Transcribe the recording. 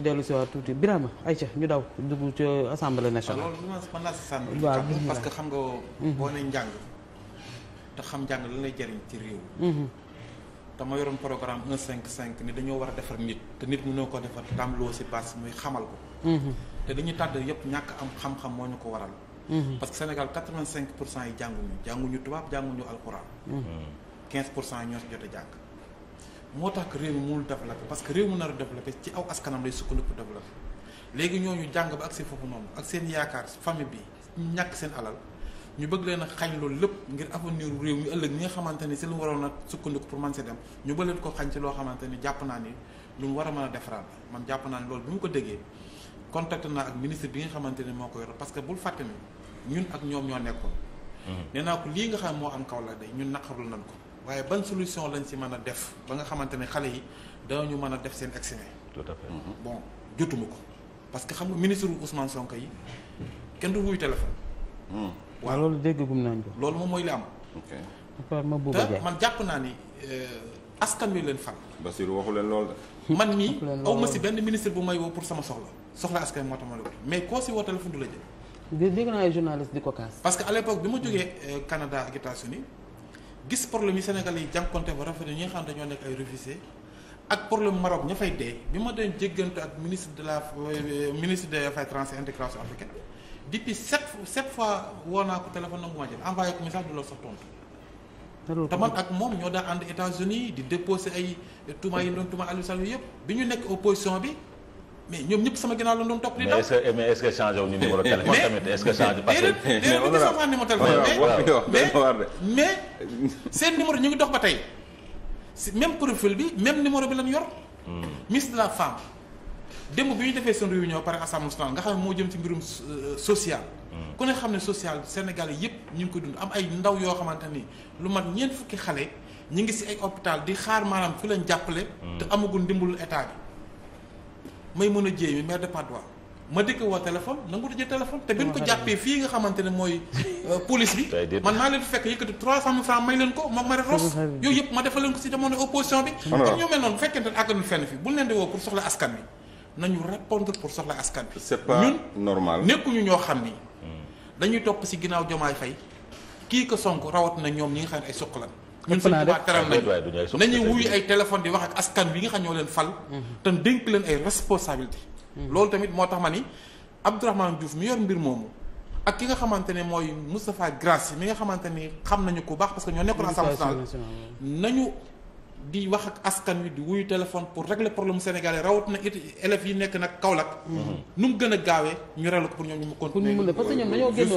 ci dellu si waa tuuti Birama ayca ñu daw dugg ci assemblée nationale. waaw loolu man laa si sànni. waaw parce que xam nga. Mhm. boo ne njàng. te xam njàng lan lay ci réew. Mhm. dama yoroon programme 1 5 5 ni dañoo war a defar nit te nit mënoo ko defar tàmloo si bas muy xamal ko. Mhm. te dañuy tàdd yëpp ñàkk am xam-xam moo ñu ko waral. parce que Sénégal 85 pour cent yi jànguñu jànguñu tubaab jànguñu alxuraan. 15 pour cent ñoo si jot moo tax réew mi mënul développé parce que réew mu nar a développé ci aw askanam lay sukkandiku développé léegi ñooñu jàng ba ak seen foofu noonu ak seen yaakaar famille bi ñàkk seen alal ñu bëgg leen a xañ loolu lépp ngir avenir réew mi ëllëg ñi nga xamante ni si lu waroon a sukkandiku pour man see dem ñu ba leen ko xañ loo xamante ni jàpp naa ni lu mu war a mën a defaraat man jàpp naa ni loolu bi mu ko déggee contacté naa ak ministre bi nga xamante ni moo ko yor parce que bul fàtte ni ñun ak ñoom ñoo nekkoon. nee naa ko lii nga xam moo am kaw la day ñun naqarul nañ ko. waaye ban solution lañ ci mën a def ba nga xamante ne xale yi ñu mën a def seen examen. tout mm-hmm. bon jotuma ko parce que xam nga ministre Ousmane Sonko yi kenn du wuy téléphone. Mm. waaw loolu déggagum nañ ko. loolu moom mooy li am. ok ma bëgg a man naa ni euh, askan wi leen fan. Bassirou waxu leen loolu de. man mii aw si benn ministre bu may woo pour sama soxla soxla askan moo tax ma mais koo si woo téléphone du la jël. dégg naa ay journaliste di ko kaas. parce que à bi ma jógee euh, Canada ak états gis problème yi Sénégalais yi jànkonte ba rafet ñi nga xam dañoo nekk ay réfugiés ak problème Maroc ña fay dee bi ma doon jéggante ak ministre de la euh, ministre des affaires étrangères et intégration africaine depuis sept sept fois woo ko téléphone nangu ma jël envoyé ko message du la sax tontu. te ak moom ñoo daa ànd États-Unis di déposer ay tuuma yi doon tuuma Aliou Sall yëpp bi ñu nekk opposition bi. mais ñoom ñëpp sama ginnaaw la doon topp di daw. mais est-ce que mais est-ce que changé wu ñu numéro téléphone tamit est-ce que changé. parce que mais déedéet déedéet sama numéro téléphone. mais mais seen numéro ñu ngi dox ba tey si même profil bi même numéro bi lañ yor. Hmm. ministre de la femme démb bi ñu defee seen réunion par assemblée nationale nga xam ne moo jëm ci mbirum euh, social. Hmm. ku ne xam ne social Sénégal yëpp ñu ngi ko dund am ay ndaw yoo xamante ni lu mat ñeent fukki xale ñu ngi si ay hôpital di xaar maanaam fi lañ jàppale. Hmm. te amagul ndimbalu état bi. may mën a jéy mi maire de Patte d'Oie ma dikk woo téléphone nangutu jël téléphone te bi ñu ko jàppee fii nga xamante ne mooy euh, police bi man maa leen fekk yëkkati trois cent mille francs may leen ko moom ma rek ros yooyu yëpp ma defal leen ko si jamono opposition bi kon ñoo mel noonu bu fekkente ne àggalul fenn fii bu leen di woo pour soxla askan bi nañu répondre pour soxla askan bi c'est nekkuñu ñoo xam ni hmm. dañuy topp si ginnaaw Diomaye Faye kii ko Sonko rawat na ñoom ñi nga xam ne ay suqalan ñun Sëñ Tuubaa teral nañu nañuy wuyu ay téléphone di wax ak askan wi nga xam ñoo leen fal mm-hmm. te dénk leen ay responsabilité mm-hmm. loolu tamit moo tax ma ni Abdourahmane Diouf mi yor mbir moomu ak ki nga xamante ne mooy Moustapha Grace mi nga xamante ni xam nañu ko baax parce que ñoo nekkoon Assemblée nationale nañu di wax ak askan wi di wuyu téléphone pour régler problème sénégalais rawatina it élèves yi nekk nag Kaolack mm-hmm. nu mu gën a gaawee ñu relu ko pour ñoom ñu mu continuer parce que